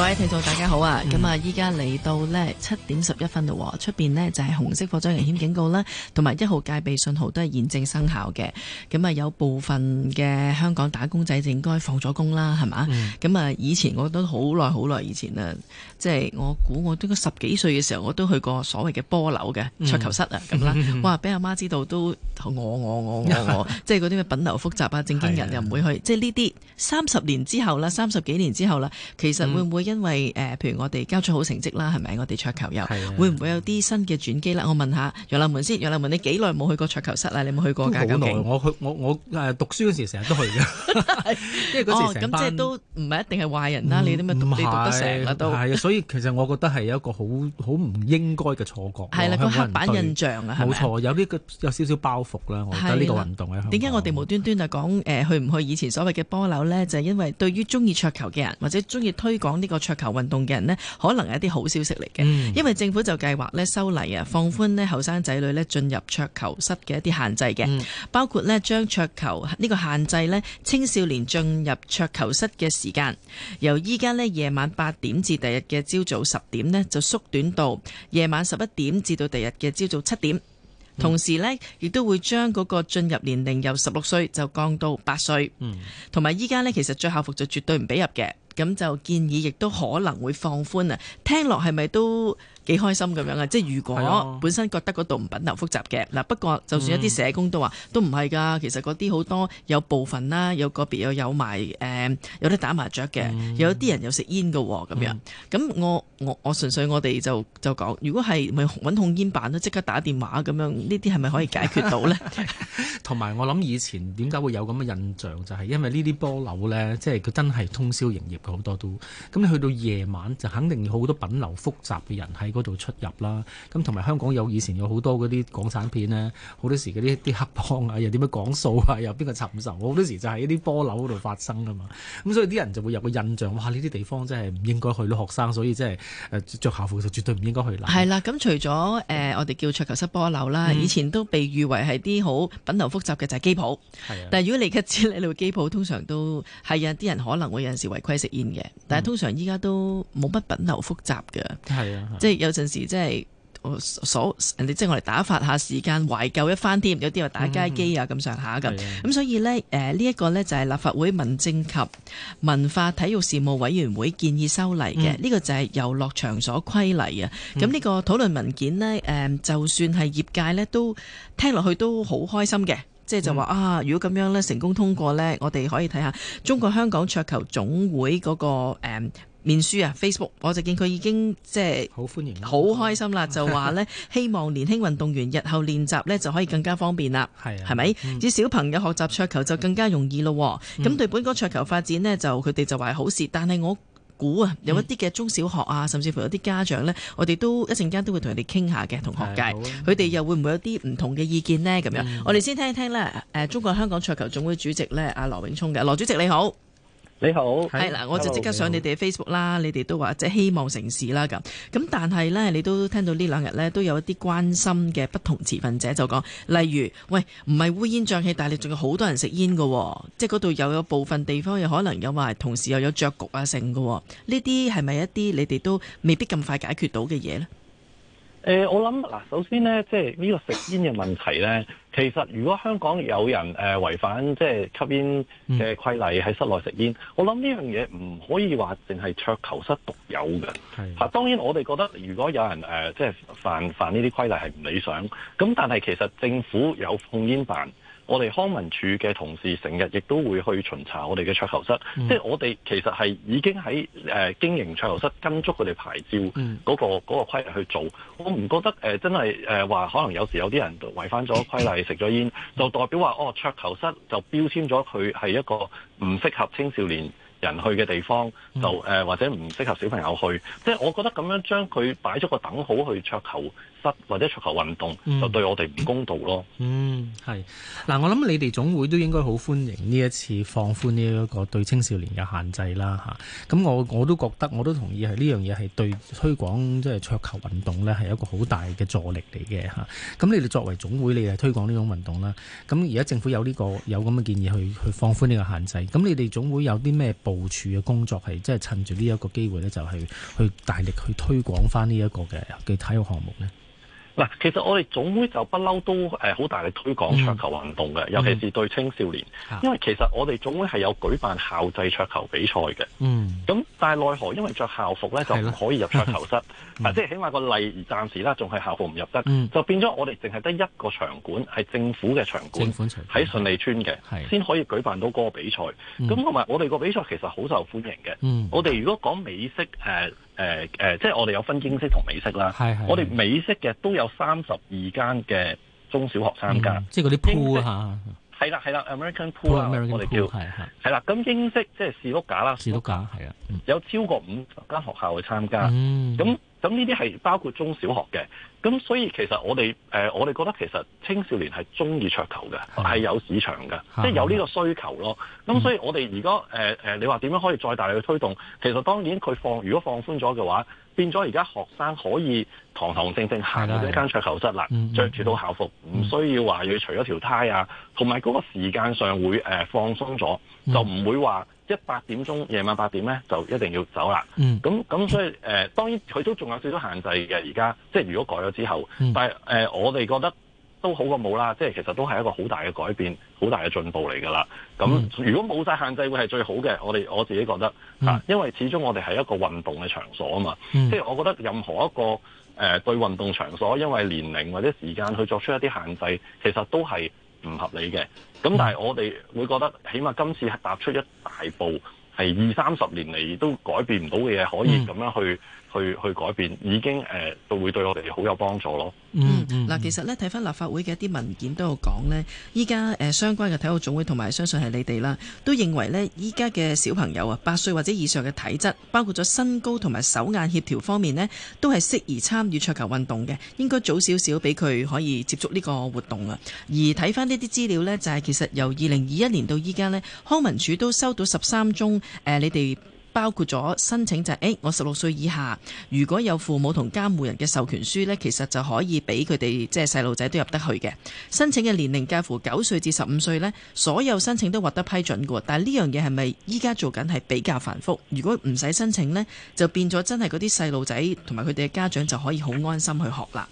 各位聽眾大家好啊！咁啊，依家嚟到呢七點十一分啦，出邊呢就係紅色火災危險警告啦，同埋一號戒備信號都係現正生效嘅。咁啊，有部分嘅香港打工仔應該放咗工啦，係嘛？咁啊、嗯，以前我都好耐好耐以前啊，即、就、係、是、我估我都十幾歲嘅時候，我都去過所謂嘅波樓嘅桌球室啊，咁啦、嗯，哇！俾阿媽，媽知道都我我我，我 即係嗰啲咩品流複雜啊，正經人又唔會去，的即係呢啲三十年之後啦，三十幾年之後啦，其實會唔會？因為誒，譬如我哋交出好成績啦，係咪？我哋桌球又會唔會有啲新嘅轉機咧？我問下楊立文先。楊立文，你幾耐冇去過桌球室啦？你冇去過噶？好耐，我去我我誒讀書嗰時成日都去噶，因為嗰時成班。咁即係都唔係一定係壞人啦。你點讀你讀得成啦都係啊。所以其實我覺得係一個好好唔應該嘅錯覺。係啦，個黑板印象啊，冇錯，有呢個有少少包袱啦。我覺得呢個運動啊，點解我哋無端端就講誒去唔去以前所謂嘅波樓咧？就係因為對於中意桌球嘅人或者中意推廣呢個。桌球運動嘅人呢，可能係一啲好消息嚟嘅。嗯、因為政府就計劃呢修例啊，放寬呢後生仔女呢進入桌球室嘅一啲限制嘅。嗯、包括呢將桌球呢個限制呢青少年進入桌球室嘅時間，由依家呢夜晚八點至第日嘅朝早十點呢就縮短到夜晚十一點至到第日嘅朝早七點，同時呢，亦、嗯、都會將嗰個進入年齡由十六歲就降到八歲，同埋依家呢，其實着校服就絕對唔俾入嘅。咁就建議，亦都可能會放寬啊，聽落係咪都？幾開心咁樣啊！即係如果本身覺得嗰度唔品流複雜嘅嗱，的不過就算一啲社工都話、嗯、都唔係㗎，其實嗰啲好多有部分啦，有個別又有，有埋、呃、有得打麻雀嘅，嗯、有啲人有食煙嘅喎咁樣。咁、嗯、我我我純粹我哋就就講，如果係咪揾控煙辦都即刻打電話咁樣，呢啲係咪可以解決到呢？同埋 我諗以前點解會有咁嘅印象，就係因為呢啲波樓呢，即係佢真係通宵營業好多都。咁你去到夜晚就肯定好多品流複雜嘅人係嗰度出入啦，咁同埋香港有以前有好多嗰啲港產片呢，好多時嗰啲啲黑幫啊，又點樣講數啊，又邊個尋仇，好多時就喺啲波樓嗰度發生噶嘛。咁所以啲人就會有個印象，哇！呢啲地方真係唔應該去，到學生所以真係誒著校服就絕對唔應該去啦。係啦，咁除咗誒、呃、我哋叫桌球室波樓啦，嗯、以前都被譽為係啲好品流複雜嘅就係機鋪。係啊的，但係如果你嘅指你路機鋪，通常都係啊，啲人可能會有陣時違規食煙嘅，嗯、但係通常依家都冇乜品流複雜嘅。係啊，即係。就是有陣時即係所人哋即係我哋打發下時間懷舊一番添，有啲話打街機啊，咁上下咁。咁、嗯嗯、所以呢，呢、這、一個呢，就係立法會民政及文化體育事務委員會建議修例嘅，呢、嗯、個就係遊樂場所規例啊。咁呢、嗯、個討論文件呢，就算係業界呢，都聽落去都好開心嘅，即係就話、是、啊，如果咁樣成功通過呢，我哋可以睇下中國香港桌球總會嗰、那個、嗯面書啊，Facebook，我就見佢已經即係好歡迎，好開心啦，就話呢，希望年輕運動員日後練習呢就可以更加方便啦，係咪？以小朋友學習桌球就更加容易咯，啊。咁、嗯、對本港桌球發展呢，就佢哋就話係好事。但係我估啊，有一啲嘅中小學啊，甚至乎有啲家長呢，嗯、我哋都一陣間都會同佢哋傾下嘅同學界，佢哋、啊、又會唔會有啲唔同嘅意見呢？咁樣，嗯、我哋先聽一聽啦、呃。中國香港桌球總會主席呢，阿羅永聰嘅，羅主席你好。你好，係我就即刻上你哋嘅 Facebook 啦。你哋都話即係希望成事啦咁，咁但係呢，你都聽到呢兩日呢，都有一啲關心嘅不同持份者就講，例如喂，唔係烏煙瘴氣，但係你仲有好多人食煙㗎喎，即係嗰度又有部分地方又可能有話，同時又有着局啊，成噶，呢啲係咪一啲你哋都未必咁快解決到嘅嘢呢？誒、呃，我諗嗱，首先咧，即係呢個食煙嘅問題咧，其實如果香港有人誒違、呃、反即係吸煙嘅規例喺室內食煙，嗯、我諗呢樣嘢唔可以話淨係桌球室獨有嘅。吓是，當然我哋覺得如果有人誒、呃、即係犯犯呢啲規例係唔理想，咁但係其實政府有控煙辦。我哋康文署嘅同事成日亦都會去巡查我哋嘅桌球室，嗯、即係我哋其實係已經喺誒、呃、經營桌球室跟足佢哋牌照嗰、嗰個嗰、嗯、規例去做。我唔覺得、呃、真係誒話可能有時有啲人違反咗規例食咗煙，就代表話哦、呃、桌球室就標籤咗佢係一個唔適合青少年人去嘅地方，就、呃、或者唔適合小朋友去。即係我覺得咁樣將佢擺咗個等號去桌球。或者桌球運動、嗯、就對我哋唔公道咯。嗯，係嗱，我諗你哋總會都應該好歡迎呢一次放寬呢一個對青少年嘅限制啦，吓、啊。咁我我都覺得，我都同意係呢樣嘢係對推廣即係桌球運動呢係一個好大嘅助力嚟嘅吓。咁、啊、你哋作為總會，你係推廣呢種運動啦。咁而家政府有呢、這個有咁嘅建議去去放寬呢個限制，咁你哋總會有啲咩部署嘅工作係即係趁住呢一個機會呢，就係、是、去大力去推廣翻呢一個嘅嘅體育項目呢？嗱，其實我哋總會就不嬲都好大力推廣桌球運動嘅，尤其是對青少年。因為其實我哋總會係有舉辦校際桌球比賽嘅。嗯。咁但係奈何因為着校服咧就唔可以入桌球室，即係起碼個例暫時啦，仲係校服唔入得，就變咗我哋淨係得一個場館係政府嘅場館，喺順利村嘅先可以舉辦到嗰個比賽。咁同埋我哋個比賽其實好受歡迎嘅。嗯。我哋如果講美式誒誒誒、呃呃，即係我哋有分英式同美式啦。係係，我哋美式嘅都有三十二間嘅中小學參加，嗯、即係嗰啲 pool 啊，係啦係啦，American pool 啊，pool 啊 American pool, 我哋叫係係。係啦的，咁的英式即係士碌架啦，士碌架係啊，嗯、有超過五十間學校去參加。嗯。咁呢啲係包括中小學嘅，咁所以其實我哋誒、呃、我哋覺得其實青少年係鍾意桌球嘅，係的有市場嘅，即係的有呢個需求咯。咁所以我哋如果誒你話點樣可以再大力去推動？嗯、其實當然佢放如果放寬咗嘅話。變咗而家學生可以堂堂正正行入一間桌球室啦，着住到校服，唔需要話要除咗條呔啊。同埋嗰個時間上會、呃、放鬆咗，就唔會話一百點八點鐘夜晚八點咧就一定要走啦。咁咁、嗯、所以誒、呃、當然佢都仲有少少限制嘅。而家即係如果改咗之後，嗯、但係、呃、我哋覺得都好過冇啦。即係其實都係一個好大嘅改變。好大嘅進步嚟㗎啦，咁如果冇晒限制會係最好嘅，我哋我自己覺得啊，嗯、因為始終我哋係一個運動嘅場所啊嘛，即係、嗯、我覺得任何一個誒、呃、對運動場所因為年齡或者時間去作出一啲限制，其實都係唔合理嘅。咁但係我哋會覺得，起碼今次係踏出一大步，係二三十年嚟都改變唔到嘅嘢，可以咁樣去。去去改變已經、呃、都會對我哋好有幫助咯，嗯。嗯，嗱、嗯，其實呢，睇翻立法會嘅一啲文件都有講呢，依家、呃、相關嘅體育總會同埋相信係你哋啦，都認為呢，依家嘅小朋友啊，八歲或者以上嘅體質，包括咗身高同埋手眼協調方面呢，都係適宜參與桌球運動嘅，應該早少少俾佢可以接觸呢個活動啊。而睇翻呢啲資料呢，就係、是、其實由二零二一年到依家呢，康文署都收到十三宗誒、呃、你哋。包括咗申請就係、是，誒、欸，我十六歲以下如果有父母同監護人嘅授權書呢，其實就可以俾佢哋即係細路仔都入得去嘅。申請嘅年齡介乎九歲至十五歲呢，所有申請都獲得批准嘅。但係呢樣嘢係咪依家做緊係比較繁複？如果唔使申請呢，就變咗真係嗰啲細路仔同埋佢哋嘅家長就可以好安心去學啦。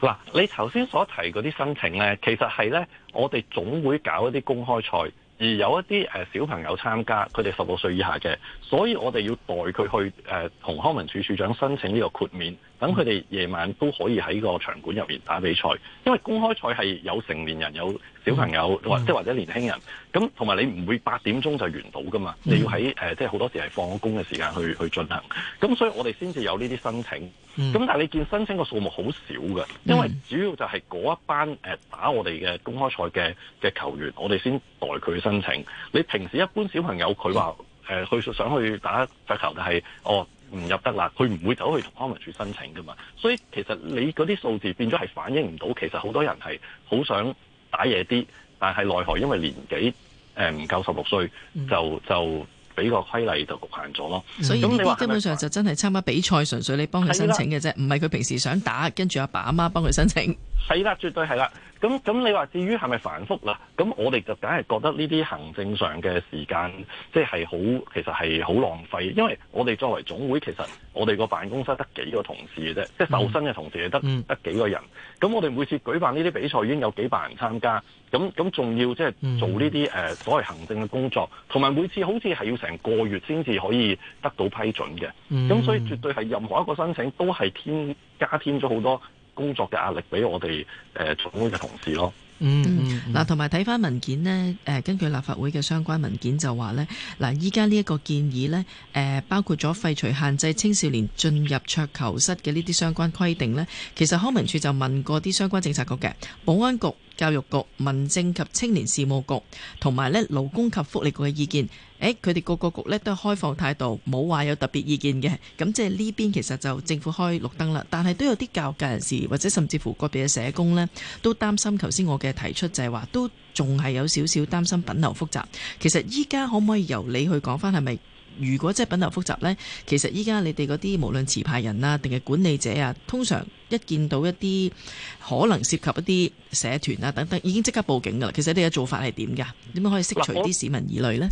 嗱，你頭先所提嗰啲申請呢，其實係呢，我哋總會搞一啲公開賽。而有一啲誒小朋友參加，佢哋十六歲以下嘅，所以我哋要代佢去誒同康文署署長申請呢個豁免。等佢哋夜晚都可以喺個場館入面打比賽，因為公開賽係有成年人，有小朋友或者或者年輕人，咁同埋你唔會八點鐘就完到噶嘛，你要喺誒，即係好多時係放咗工嘅時間去去進行，咁所以我哋先至有呢啲申請。咁但係你見申請個數目好少嘅，因為主要就係嗰一班誒、呃、打我哋嘅公開賽嘅嘅球員，我哋先代佢申請。你平時一般小朋友佢話誒，去想去打發球，就係哦。唔入得啦，佢唔會走去同康文署申請噶嘛，所以其實你嗰啲數字變咗係反映唔到，其實好多人係好想打嘢啲，但係奈何因為年紀誒唔夠十六歲，就就俾個規例就局限咗咯。所以呢啲基本上就真係參加比賽，純粹你幫佢申請嘅啫，唔係佢平時想打，跟住阿爸阿媽，媽幫佢申請。係啦，絕對係啦。咁咁，你話至於係咪繁複啦？咁我哋就梗係覺得呢啲行政上嘅時間，即係好，其實係好浪費。因為我哋作為總會，其實我哋個辦公室得幾個同事嘅啫，即係受薪嘅同事、嗯、得得幾個人。咁我哋每次舉辦呢啲比賽已經有幾百人參加，咁咁仲要即係做呢啲誒所謂行政嘅工作，同埋每次好似係要成個月先至可以得到批准嘅。咁、嗯、所以絕對係任何一個申請都係添加添咗好多。工作嘅壓力俾我哋誒總會嘅同事咯。Mm hmm. 嗯，嗱，同埋睇翻文件呢，誒，根據立法會嘅相關文件就話呢，嗱，依家呢一個建議呢誒，包括咗廢除限制青少年進入桌球室嘅呢啲相關規定呢，其實康文署就問過啲相關政策局嘅，保安局、教育局、民政及青年事務局，同埋呢勞工及福利局嘅意見，誒、哎，佢哋個個局呢都係開放態度，冇話有特別意見嘅，咁即係呢邊其實就政府開綠燈啦，但係都有啲教育界人士或者甚至乎個別嘅社工呢，都擔心頭先我嘅。提出就係話，都仲係有少少擔心品流複雜。其實依家可唔可以由你去講翻係咪，如果真係品流複雜呢？其實依家你哋嗰啲無論持牌人啊，定係管理者啊，通常一見到一啲可能涉及一啲社團啊等等，已經即刻報警噶喇。其實你嘅做法係點噶？點樣可以釋除啲市民疑慮呢？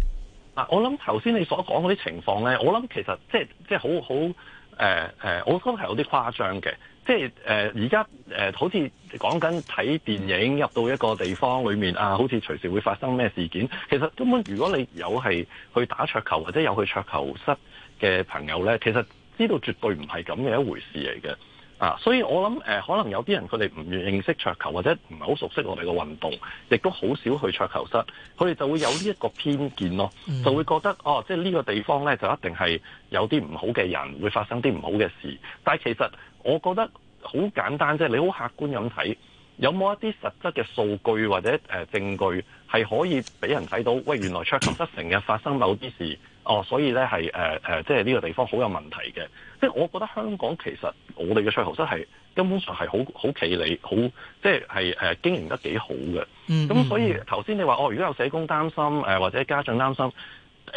我諗頭先你所講嗰啲情況呢，我諗其實即係好好誒誒，我覺得係有啲誇張嘅。即係誒，而家誒，好似講緊睇電影入到一個地方裏面啊，好似隨時會發生咩事件。其實根本如果你有係去打桌球或者有去桌球室嘅朋友咧，其實知道絕對唔係咁嘅一回事嚟嘅。啊，所以我諗誒、呃，可能有啲人佢哋唔認識桌球，或者唔係好熟悉我哋嘅運動，亦都好少去桌球室，佢哋就會有呢一個偏見咯，就會覺得哦，即係呢個地方咧就一定係有啲唔好嘅人會發生啲唔好嘅事。但係其實我覺得好簡單，即係你好客觀咁睇有冇一啲實質嘅數據或者誒證據係可以俾人睇到，喂，原來桌球室成日發生某啲事哦，所以咧係誒誒即係呢個地方好有問題嘅。即係我覺得香港其實。我哋嘅桌球室係根本上係好好企理，好即係係經營得幾好嘅。咁、嗯、所以頭先你話哦，如果有社工擔心、呃、或者家長擔心，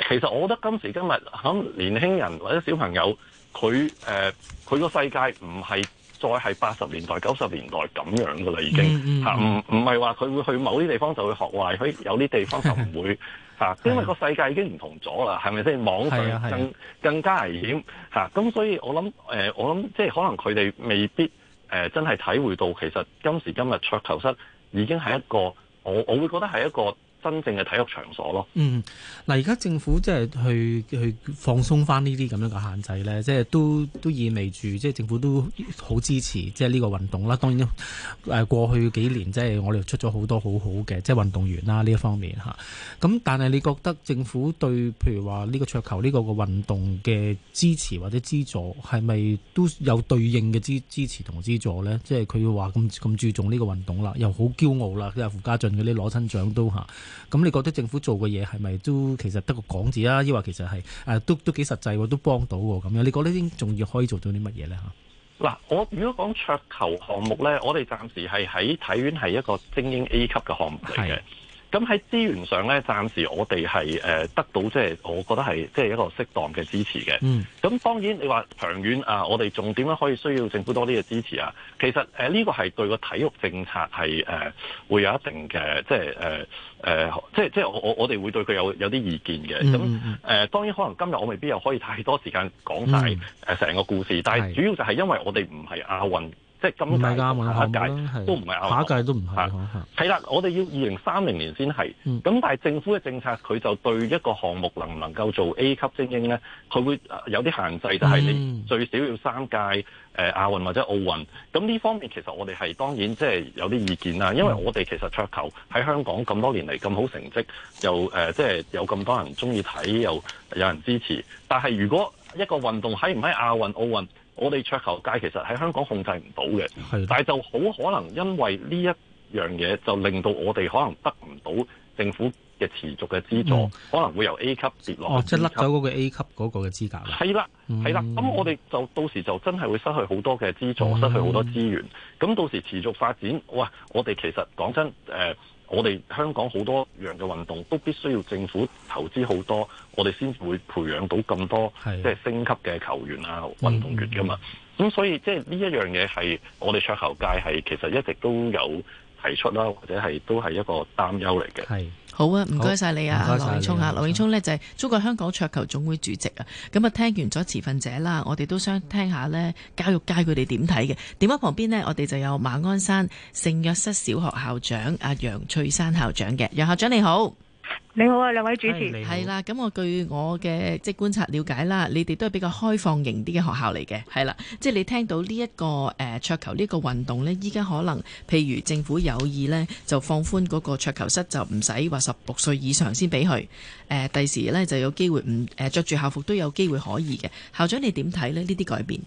其實我覺得今時今日響年輕人或者小朋友，佢佢個世界唔係再係八十年代、九十年代咁樣噶啦，已經唔唔係話佢會去某啲地方就會學壞，佢有啲地方就唔會。 嚇！因為個世界已經唔同咗啦，係咪先？網上更更加危險嚇，咁所以我諗誒、呃，我諗即係可能佢哋未必誒、呃、真係體會到，其實今時今日桌球室已經係一個，我我會覺得係一個。真正嘅體育場所咯。嗯，嗱，而家政府即係去去放鬆翻呢啲咁樣嘅限制咧，即係都都意味住即係政府都好支持即係呢個運動啦。當然誒過去幾年即係我哋出咗好多好好嘅即係運動員啦，呢一方面嚇。咁但係你覺得政府對譬如話呢個桌球呢個嘅運動嘅支持或者資助係咪都有對應嘅支支持同資助咧？即係佢話咁咁注重呢個運動啦，又好驕傲啦，即係傅家俊嗰啲攞親獎都嚇。咁你覺得政府做嘅嘢係咪都其實得個講字啊？抑或其實係誒都都幾實際喎，都幫到喎咁樣。你覺得應仲要可以做到啲乜嘢咧嚇？嗱，我如果講桌球項目咧，我哋暫時係喺體院係一個精英 A 級嘅項目嚟嘅。咁喺資源上咧，暫時我哋係誒得到即係我覺得係即係一個適當嘅支持嘅。嗯。咁當然你話長遠啊，我哋重點咧可以需要政府多啲嘅支持啊。其實誒呢個係對個體育政策係誒、呃、會有一定嘅、呃呃、即係誒誒即係即係我我我哋會對佢有有啲意見嘅。咁誒、嗯呃、當然可能今日我未必又可以太多時間講晒誒成個故事，嗯、但係主要就係因為我哋唔係亞運。即咁今屆啊，下屆都唔係，下屆都唔係。係啦，我哋要二零三零年先係。咁、嗯、但係政府嘅政策，佢就對一個項目能唔能夠做 A 級精英咧，佢會有啲限制，就係你最少要三屆誒亞運或者奧運。咁呢方面其實我哋係當然即係有啲意見啦，因為我哋其實桌球喺香港咁多年嚟咁好成績，又誒即係有咁、呃就是、多人中意睇，又有，有人支持。但係如果一個運動喺唔喺亞運、奧運，我哋桌球界其實喺香港控制唔到嘅，的但係就好可能因為呢一樣嘢，就令到我哋可能得唔到政府嘅持續嘅資助，嗯、可能會由 A 級跌落、哦、即係甩走嗰個 A 級嗰個嘅資格。係啦、嗯，係啦，咁我哋就到時就真係會失去好多嘅資助，嗯、失去好多資源。咁到時持續發展，哇！我哋其實講真，呃我哋香港好多樣嘅運動都必須要政府投資好多，我哋先會培養到咁多，即係升級嘅球員啊、運動員㗎嘛，咁、嗯、所以即係呢一樣嘢係我哋桌球界係其實一直都有。提出啦，或者係都係一個擔憂嚟嘅。係是好啊，唔該晒你啊，好羅永聰。啊，啊羅永聰、啊、呢就係、是、中國香港桌球總會主席啊。咁啊，聽完咗持份者啦，我哋都想聽下呢教育界佢哋點睇嘅。電話旁邊呢，我哋就有馬鞍山聖若瑟小學校長阿楊翠珊校長嘅，楊校長你好。你好啊，兩位主持係啦，咁，Hey，我據我嘅即係觀察了解啦，你哋都係比較開放型啲嘅學校嚟嘅，係啦，即係你聽到呢、這、一個誒桌，呃、球呢個運動呢，依家可能譬如政府有意呢，就放寬嗰個桌球室就唔使話十六歲以上先俾佢，誒、呃，第時呢，就有機會唔誒着住校服都有機會可以嘅，校長你點睇呢啲改變？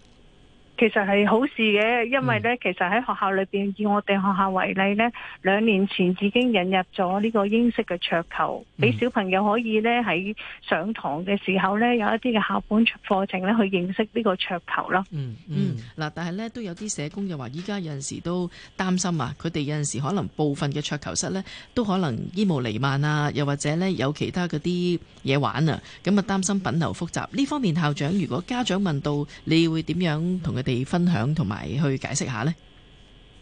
其實係好事嘅，因為呢，其實喺學校裏邊，以我哋學校為例呢，兩年前已經引入咗呢個英式嘅桌球，俾、嗯、小朋友可以呢喺上堂嘅時候呢，有一啲嘅校本課程呢去認識呢個桌球咯、嗯。嗯嗯，嗱，但係呢，都有啲社工又話，依家有陣時都擔心啊，佢哋有陣時可能部分嘅桌球室呢都可能煙霧彌漫啊，又或者呢有其他嗰啲嘢玩啊，咁啊擔心品流複雜呢方面。校長如果家長問到，你會點樣同佢哋？分享同埋去解釋下咧，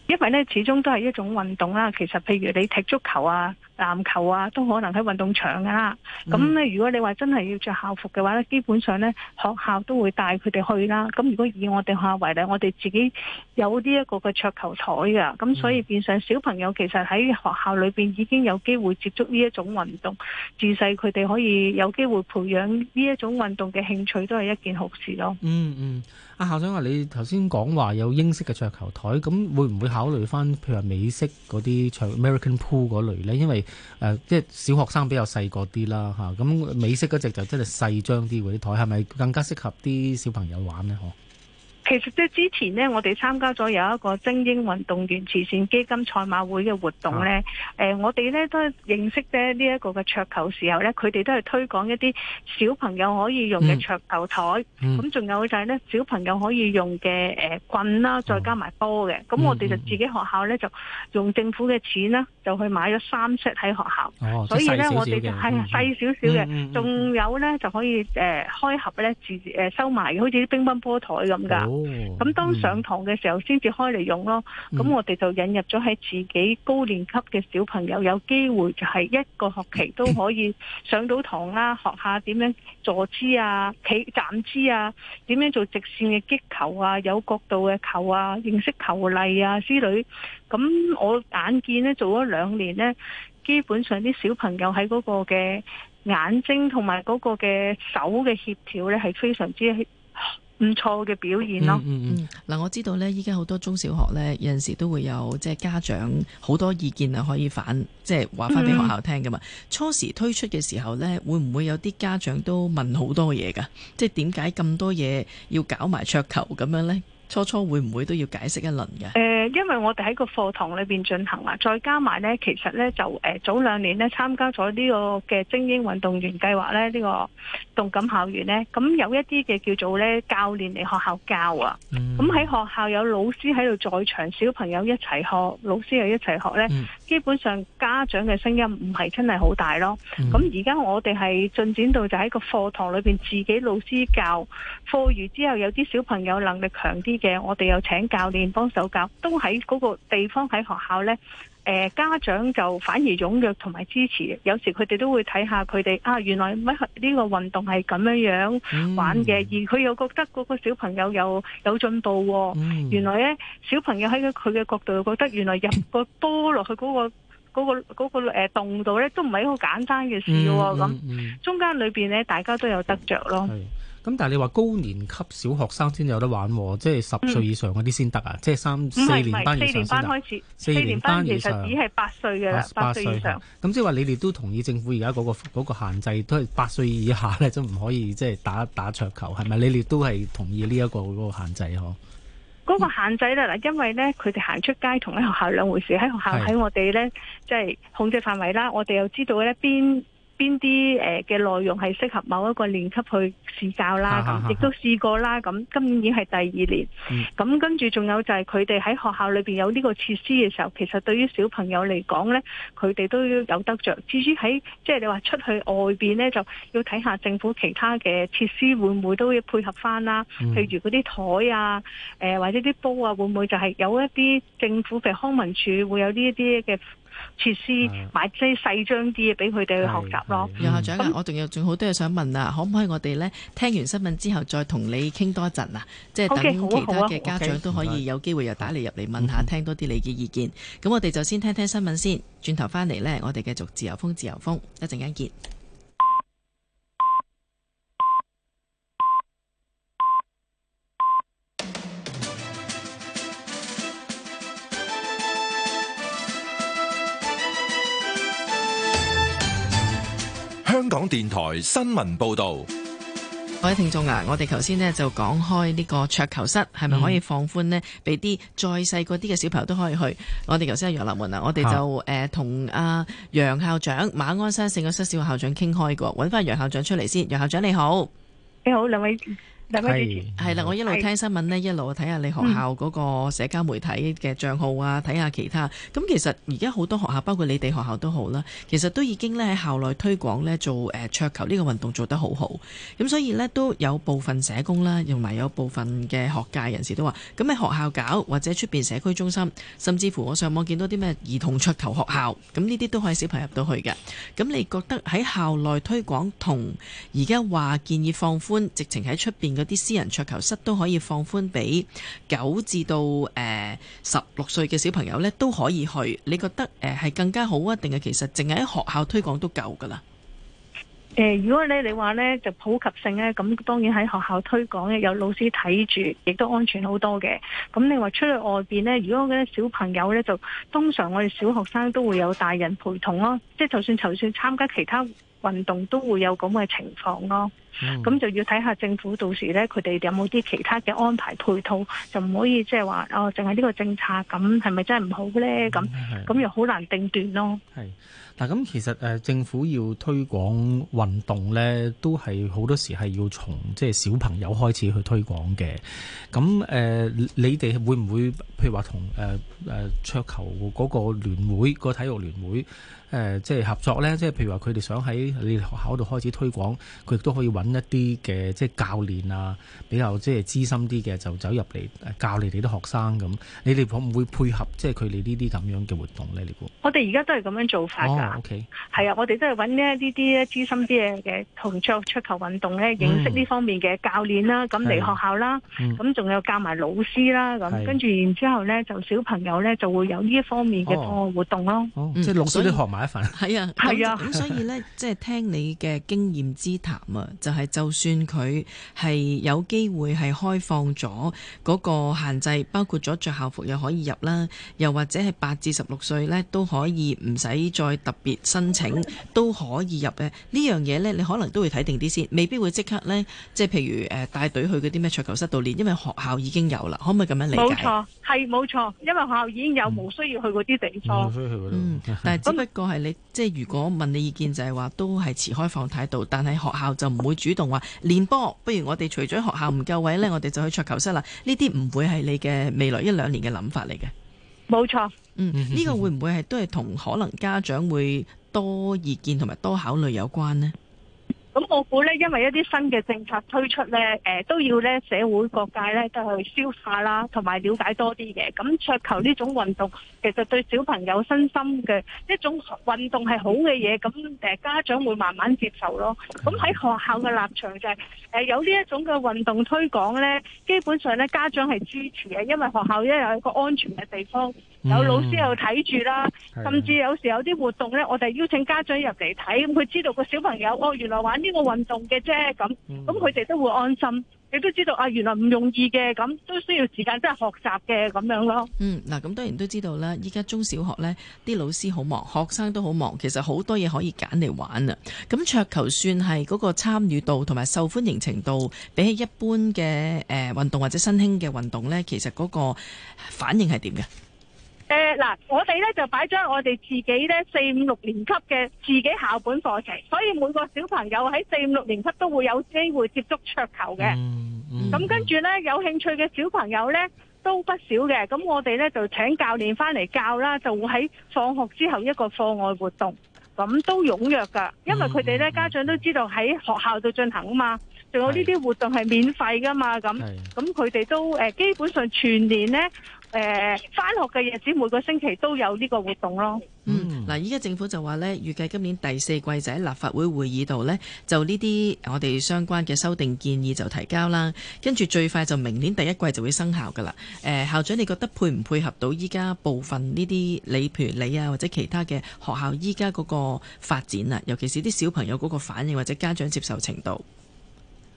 因為咧始終都係一種運動啦。其實譬如你踢足球啊、籃球啊，都可能喺運動場噶啦。咁咧、嗯，如果你話真係要着校服嘅話咧，基本上咧學校都會帶佢哋去啦。咁如果以我哋學校為例，我哋自己有呢一個嘅桌球台噶，咁所以變相小朋友其實喺學校裏邊已經有機會接觸呢一種運動，自細佢哋可以有機會培養呢一種運動嘅興趣，都係一件好事咯。嗯嗯。啊，校長話你頭先講話有英式嘅桌球台，咁會唔會考慮返譬如美式嗰啲桌 American pool 嗰類呢？因為即係、呃就是、小學生比較細個啲啦，咁、啊、美式嗰隻就真係細張啲嗰啲台，係咪更加適合啲小朋友玩呢？嗬？其實即係之前呢，我哋參加咗有一個精英運動員慈善基金賽馬會嘅活動呢誒、啊呃，我哋呢都認識咧呢一個嘅桌球時候呢，佢哋都係推廣一啲小朋友可以用嘅桌球台。咁仲、嗯嗯、有就係呢，小朋友可以用嘅、誒、呃、棍啦，再加埋波嘅。咁、哦、我哋就自己學校呢，嗯嗯、就用政府嘅錢啦，就去買咗三 set 喺學校。哦、所以呢，我哋就係細少少嘅，仲、嗯、有呢，就可以誒、呃、開盒呢自誒、呃、收埋好似啲乒乓波台咁噶。哦咁當上堂嘅時候，先至開嚟用咯。咁、嗯、我哋就引入咗喺自己高年級嘅小朋友，有機會就係一個學期都可以上到堂啦， 學下點樣坐姿啊、企站姿啊、點樣做直線嘅擊球啊、有角度嘅球啊、認識球例啊之類。咁我眼見呢做咗兩年呢，基本上啲小朋友喺嗰個嘅眼睛同埋嗰個嘅手嘅協調呢，係非常之。唔錯嘅表現咯。嗱、嗯嗯嗯，我知道呢，依家好多中小學呢，有陣時都會有即係家長好多意見啊，可以反即係話翻俾學校聽噶嘛。嗯、初時推出嘅時候呢，會唔會有啲家長都問好多嘢噶？即係點解咁多嘢要搞埋桌球咁樣呢？初初會唔會都要解釋一輪嘅、呃？因為我哋喺個課堂裏邊進行啦，再加埋咧，其實咧就、呃、早兩年咧參加咗呢個嘅精英運動員計劃咧，呢、呢個動感校園咧，咁有一啲嘅叫做咧教練嚟學校教啊，咁喺、嗯、學校有老師喺度在場，小朋友一齊學，老師又一齊學咧，嗯、基本上家長嘅聲音唔係真係好大咯。咁而家我哋係進展到就喺個課堂裏邊自己老師教，課餘之後有啲小朋友能力強啲。嘅，我哋又請教練幫手教，都喺嗰個地方喺學校呢，誒、呃，家長就反而踴躍同埋支持，有時佢哋都會睇下佢哋啊，原來乜呢個運動係咁樣玩嘅？嗯、而佢又覺得嗰個小朋友有有進步、哦。嗯、原來呢，小朋友喺佢嘅角度覺得，原來入個波落去嗰、那個嗰、 那個嗰洞、那個那個那個、度呢都唔係一個簡單嘅事喎、哦。咁、嗯嗯嗯、中間裏面呢，大家都有得着咯。嗯咁但係你話高年級小學生先有得玩，即係十歲以上嗰啲先得啊，嗯、即係三四年班以上先得。四年班其實只係八歲嘅，八歲以上。咁即係話你哋都同意政府而家嗰個嗰、嗰個限制都係八歲以下咧，都唔可以即係打打桌球，係咪？你哋都係同意呢、呢、一個嗰、嗰個限制嗬？嗰個限制啦嗱，嗯、因為咧，佢哋行出街同喺學校兩回事，喺學校喺我哋咧，即係是控制範圍啦。我哋又知道一邊。邊邊啲誒嘅內容係適合某一個年級去試教啦，咁亦、啊、都試過啦，咁、啊、今年已經係第二年。咁、嗯、跟住仲有就係佢哋喺學校裏邊有呢個設施嘅時候，其實對於小朋友嚟講呢，佢哋都有得着。至於喺即係你話出去外邊呢，就要睇下政府其他嘅設施會唔會都要配合返啦。譬、嗯、如嗰啲台啊，誒、呃、或者啲煲啊，會唔會就係有一啲政府譬如康文署會有呢一啲嘅？設施買的即係細張啲嘢俾佢哋去學習咯。楊校、嗯、長啊，我仲有仲好多嘢想問啊，嗯、可唔可以我哋呢，聽完新聞之後再同你傾多陣啊？即係等 okay, 其他嘅、啊、家長、啊啊、都可以 okay, 有機會又打嚟入嚟問下，嗯、聽多啲你嘅意見。咁我哋就先聽聽新聞先，轉頭翻嚟呢，我哋繼續自由風，自由風，一陣間見。港電台新聞報道，各位聽眾啊，我哋頭先呢就講開呢個桌球室係咪可以放寬呢？俾啲、嗯、再細嗰啲嘅小朋友都可以去。我哋頭先喺楊立文啊，我哋就誒同阿楊校長、馬鞍山聖若瑟小學校長傾開過，揾翻楊校長出嚟先。楊校長你好，你好兩位。係係啦，我一路聽新聞呢，一路睇下你學校嗰個社交媒體嘅帳號啊，睇下其他。咁其實而家好多學校，包括你哋學校都好啦，其實都已經咧喺校內推廣咧做誒桌球呢個運動做得好好。咁所以呢，都有部分社工啦，同埋有部分嘅學界人士都話，咁喺學校搞或者出邊社區中心，甚至乎我上網見到啲咩兒童桌球學校，咁呢啲都可以小朋友入到去嘅。咁你覺得喺校內推廣同而家話建議放寬，直情喺出邊，有啲私人桌球室都可以放寬，俾九至到誒十六歲嘅小朋友咧都可以去。你覺得誒係更加好啊？定係其實淨係喺學校推廣都夠噶啦？誒，如果你你話咧就普及性咧，咁當然喺學校推廣咧有老師睇住，亦都安全好多嘅。咁你話出去外邊咧，如果啲小朋友咧就通常我哋小學生都會有大人陪同咯，即係就算就算參加其他運動都會有咁嘅情況咯。咁、嗯、就要睇下政府到時咧，佢哋有冇啲其他嘅安排配套，就唔可以即係話哦，淨係呢個政策咁，係咪真係唔好嘅咧？咁咁又好難定斷咯。係嗱，咁其實誒、呃，政府要推廣運動咧，都係好多時係要從即係小朋友開始去推廣嘅。咁誒、呃，你哋會唔會譬如話同誒誒桌球嗰個聯會、個體育聯會誒、呃，即係合作咧？即係譬如話佢哋想喺你哋學校度開始推廣，佢亦都可以揾一啲嘅即係教練啊，比較即係資深啲嘅就走入嚟教你哋啲學生咁，你哋會唔會配合即係佢哋呢啲咁樣嘅活動咧？你估我哋而家都係咁樣做法噶，係、哦 okay、啊，我哋都係揾呢一啲啲咧資深啲嘅同桌桌球運動咧認識呢方面嘅教練啦，咁嚟、嗯、學校啦，咁仲、啊嗯、有教埋老師啦，咁、啊、跟住然之後咧就小朋友咧就會有呢一方面嘅課外活動咯。哦哦、即係老師都學埋一份。係啊，係啊。咁 所以咧，即、就、係、是、聽你嘅經驗之談啊。係，就算佢係有機會係開放咗嗰個限制，包括咗着校服又可以入啦，又或者係八至十六歲咧都可以唔使再特別申請都可以入嘅呢樣嘢咧，你可能都會睇定啲先，未必會即刻呢。即係譬如誒帶隊去嗰啲咩桌球室度練，因為學校已經有啦，可唔可以咁樣理解？冇錯，係冇錯，因為學校已經有，冇、嗯、需要去嗰啲地方。嗯、但係只不過係你即係如果問你意見就係、係、話都係持開放態度，但係學校就唔會。主動話練波，不如我哋除咗學校唔夠位呢，我哋就去桌球室啦。呢啲唔會係你嘅未來一兩年嘅諗法嚟嘅。冇錯，嗯，呢個會唔會係都係同可能家長會多意見同埋多考慮有關呢？咁我估咧，因為一啲新嘅政策推出咧，誒、呃、都要咧社會各界咧都去消化啦，同埋了解多啲嘅。咁、嗯、桌球呢種運動，其實對小朋友身心嘅一種運動係好嘅嘢，咁、嗯、誒家長會慢慢接受咯。咁、嗯、喺學校嘅立場就係、是，誒、呃、有呢一種嘅運動推廣咧，基本上咧家長係支持嘅，因為學校一有一個安全嘅地方。有老師又睇住啦，甚至有時候有啲活動呢，我哋邀請家長入嚟睇，咁佢知道個小朋友哦，原來玩呢個運動嘅啫，咁咁佢哋都會安心。亦都知道啊，原來唔容易嘅，咁都需要時間，真係學習嘅咁樣咯。嗯，嗱，咁當然都知道啦。依家中小學呢啲老師好忙，學生都好忙，其實好多嘢，可以揀嚟玩啊。咁桌球算係嗰個參與度同埋受歡迎程度，比起一般嘅誒運動或者新興嘅運動呢，其實嗰個反應係點嘅？誒，嗱、呃，我哋咧就擺咗我哋自己咧四五六年級嘅自己校本課程，所以每個小朋友喺四五六年級都會有機會接觸桌球嘅。咁、嗯嗯、跟住咧，有興趣嘅小朋友咧都不少嘅。咁我哋咧就請教練翻嚟教啦，就會喺放學之後一個課外活動，咁都踊躍噶。因為佢哋咧家長都知道喺學校度進行啊嘛，仲有呢啲活動係免費噶嘛，咁咁佢哋都誒、呃、基本上全年咧。誒，返學嘅日子每個星期都有呢個活動咯。嗯，嗱，依家政府就話呢預計今年第四季就喺立法會會議度呢就呢啲我哋相關嘅修訂建議就提交啦。跟住最快就明年第一季就會生效噶啦。誒，校長你覺得配唔配合到依家部分呢啲？你譬如你啊，或者其他嘅學校依家嗰個發展啊，尤其是啲小朋友嗰個反應或者家長接受程度？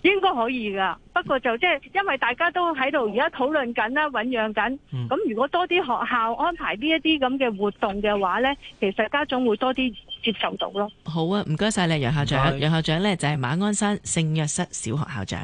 應該可以噶，不過就即係因為大家都喺度而家討論緊啦，醞釀緊。咁、嗯、如果多啲學校安排呢一啲咁嘅活動嘅話呢，其實家長會多啲接受到咯。好啊，唔該晒你，楊校長。楊是校長呢，就係、是、馬鞍山聖若瑟小學校長。